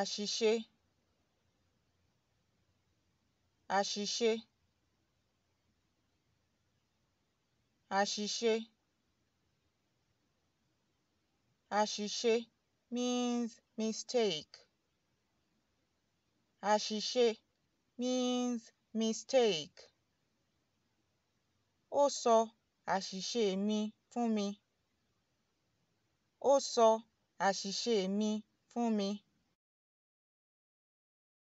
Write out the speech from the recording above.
àṣìṣe àṣìṣe àṣìṣe àṣìṣe means mistake àṣìṣe means mistake ó sọ àṣìṣe mi fún mi ó sọ àṣìṣe mi fún mi